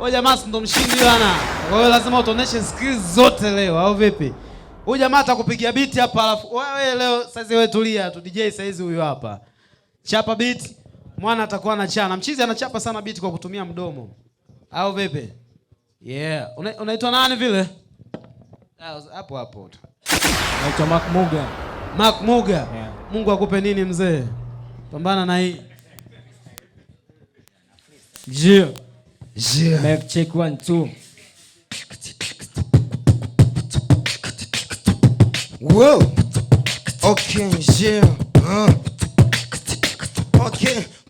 Huyu jamaa si ndo mshindi bwana. Kwa hiyo lazima utoneshe skills zote leo au vipi? Huyu jamaa atakupigia beat hapa alafu wewe leo saizi wewe tulia tu DJ saizi huyu hapa. Chapa beat, mwana atakuwa anachana. Mchizi anachapa sana beat kwa kutumia mdomo. Au vipi? Yeah. Unaitwa una nani vile? Ah, hapo hapo. Naitwa Mark Muga. Mark Muga. Yeah. Mungu akupe nini mzee? Pambana na hii. Jio. Yeah.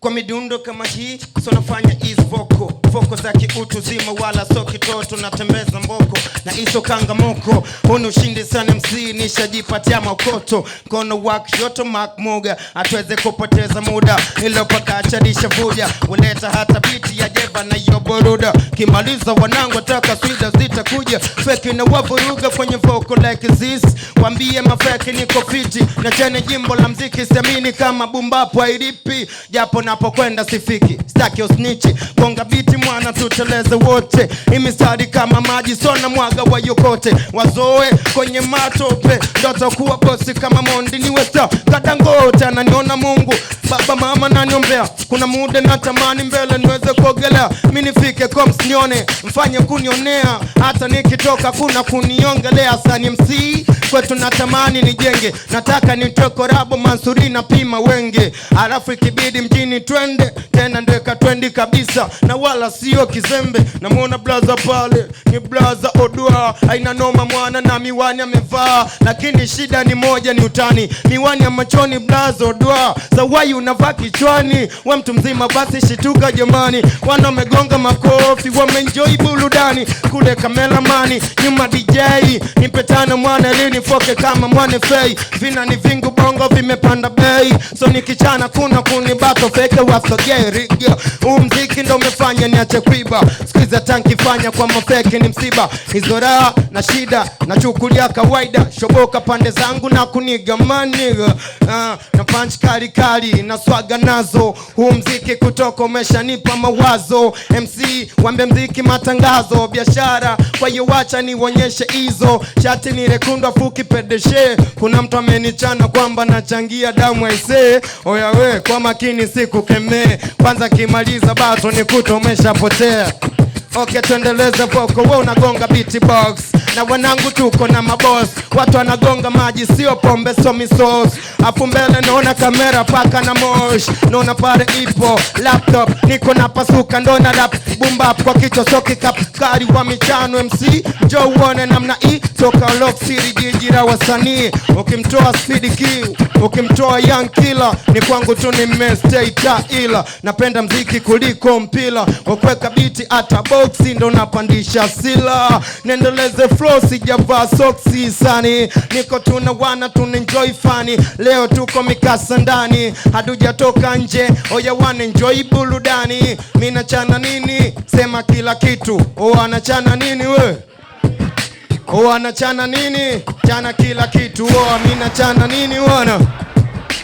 kwa midundo kama hii sonafanya is voko voko zake utu zima, wala so kitoto, natembeza mboko na iso kanga moko huni ushindi sana, msii nishajipatia makoto kono wa kishoto makmuga atweze kupoteza muda ilopakacharisha vuja uleta hata biti ya jeba na yoboruda kimaliza wanangu ataka swida zitakuja feki na wavuruga kwenye voko like this wambie mafeki ni kofiti na chene jimbo la mziki siamini kama bumbapo airipi japo napokwenda sifiki staki usnichi konga biti mwana tuta watosheleze wote, imistari kama maji sona mwaga wayokote, wazoe kwenye matope, ndoto kuwa bosi kama Mondi niwe star kadangote, ananiona Mungu baba mama naniombea, kuna muda natamani mbele niweze kuogelea, mi nifike koms nione mfanye kunionea, hata nikitoka kuna kuniongelea sani msii kwetu natamani nijenge, nataka nitoe korabo Mansuri na pima wenge, alafu ikibidi mjini twende tena, ndeka twendi kabisa na wala sio kizembe. Namwona blaza pale ni blaza Odua, aina noma mwana na miwani amevaa, lakini shida ni moja, ni utani miwani ya machoni. Blaza Odua zawai unavaa kichwani, we mtu mzima basi shituka jamani, wana wamegonga makofi, wamenjoi burudani kule kameramani, nyuma DJ nipetana mwana lini nifoke kama mwane fei vina ni vingu vitongo vimepanda bei, so ni kichana kuna kuni bato feke wasogeri. Huu mziki ndo umefanya niache kuiba, sikiza tanki fanya kwa mafeki ni msiba, hizo raha na shida nachukulia kawaida, shoboka pande zangu na kuniga mani uh, na punch kali kali na swaga nazo. Huu mziki kutoka umeshanipa mawazo, MC wambe mziki matangazo biashara, kwa hiyo wacha nionyeshe hizo shati nirekundwa fuki pedeshe, kuna mtu amenichana kwamba kwamba nachangia damu aisee, oya we kwa makini sikukemee, kwanza kimaliza bato ni kuto umeshapotea. Okay, tuendeleze poko, we unagonga beatbox na wanangu tuko na maboss, watu wanagonga maji sio pombe, so misos. Afu mbele naona kamera paka na mosh, naona pare ipo laptop, niko na pasuka ndo na rap bumbap kwa kichwa, so wa michano MC, njoo uone namna hii toka Lock City, jiji la wasanii. Ukimtoa Sidiki, ukimtoa Young Killer, ni kwangu tu ni mestay ta, ila napenda mziki kuliko mpira. Wakweka biti hata boxi ndo napandisha sila, niendeleze flow, sijavaa soksi sani, niko tuna wana tuna enjoy fani. Leo tuko mikasa ndani, hatujatoka nje, oya wana enjoy burudani. Mina chana nini? Sema kila kitu, oanachana oh, nini we Oh, chana nini? Chana kila kitu oh, mina chana nini wana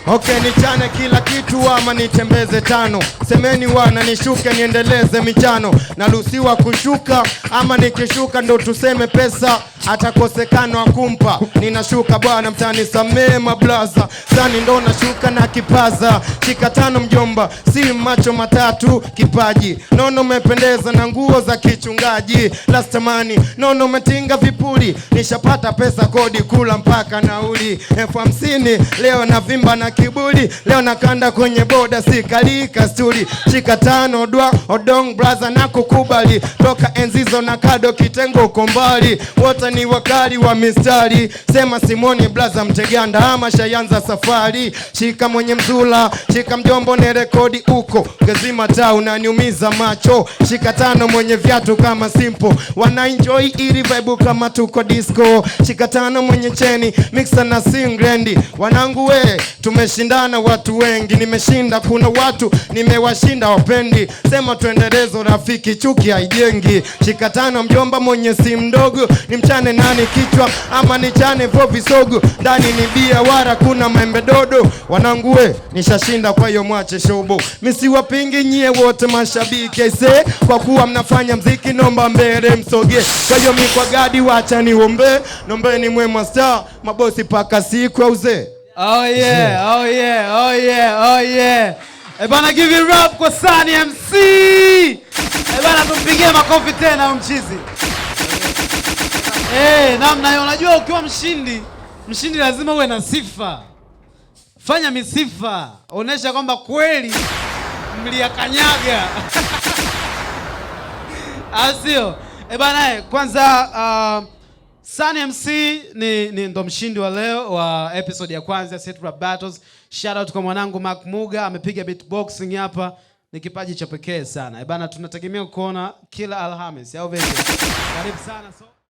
Okay, nichane kila kitu ama nitembeze tano. Semeni wana nishuke niendeleze michano. narusiwa kushuka ama nikishuka ndo tuseme pesa atakosekana kumpa. Ninashuka bwana mtani, samee mablaza, sani ndo nashuka na kipaza, shika tano mjomba, si macho matatu, kipaji nono, umependeza na nguo za kichungaji, last money nono, umetinga vipuli, nishapata pesa kodi, kula mpaka nauli elfu hamsini leo na vimba na kiburi, leo nakanda kwenye boda, sikali kasturi, shika tano dwa odong blaza na kukubali, toka enzizo na kado kitengo, uko mbali wote ni wakali wa mistari, sema Simoni blaza Mteganda ama shayanza safari, shika mwenye mzula, shika mjombo, ne rekodi uko gezima taa, unaniumiza macho, shika tano mwenye viatu kama simple, wana enjoy ili vibe kama tuko disco, shika tano mwenye cheni mixa na singlendi. Wanangu we, tumeshindana watu wengi, nimeshinda kuna watu nimewashinda, wapendi sema tuendelezo rafiki, chuki haijengi, shika tano mjomba mwenye simu ndogo ni mchana nione nani kichwa ama nichane vo visogo, ndani ni bia wara kuna maembe dodo. wanangue nishashinda, kwa hiyo mwache shobo, misiwapingi nyie wote mashabiki se, kwa kuwa mnafanya mziki, nomba mbele msoge. Kwa hiyo gadi wacha niombe, ni Mwema Star mabosi paka siku au ze Oh yeah, oh yeah, oh yeah, oh yeah. Eh, bana give it up kwa Sunny MC. Eh, bana tumpigie makofi tena mchizi. Eh, namna hiyo. Unajua, ukiwa mshindi, mshindi lazima uwe na sifa. Fanya misifa, onesha kwamba kweli mliyakanyaga asio ah, Eh, bana. Eh, kwanza uh, ah, Sun MC ni, ni ndo mshindi wa leo wa episode ya kwanza Set Rap Battles. Shout out kwa mwanangu Mark Muga amepiga beatboxing hapa, ni kipaji cha pekee sana. Eh, bana, tunategemea kuona kila Alhamis au vipi? Karibu sana so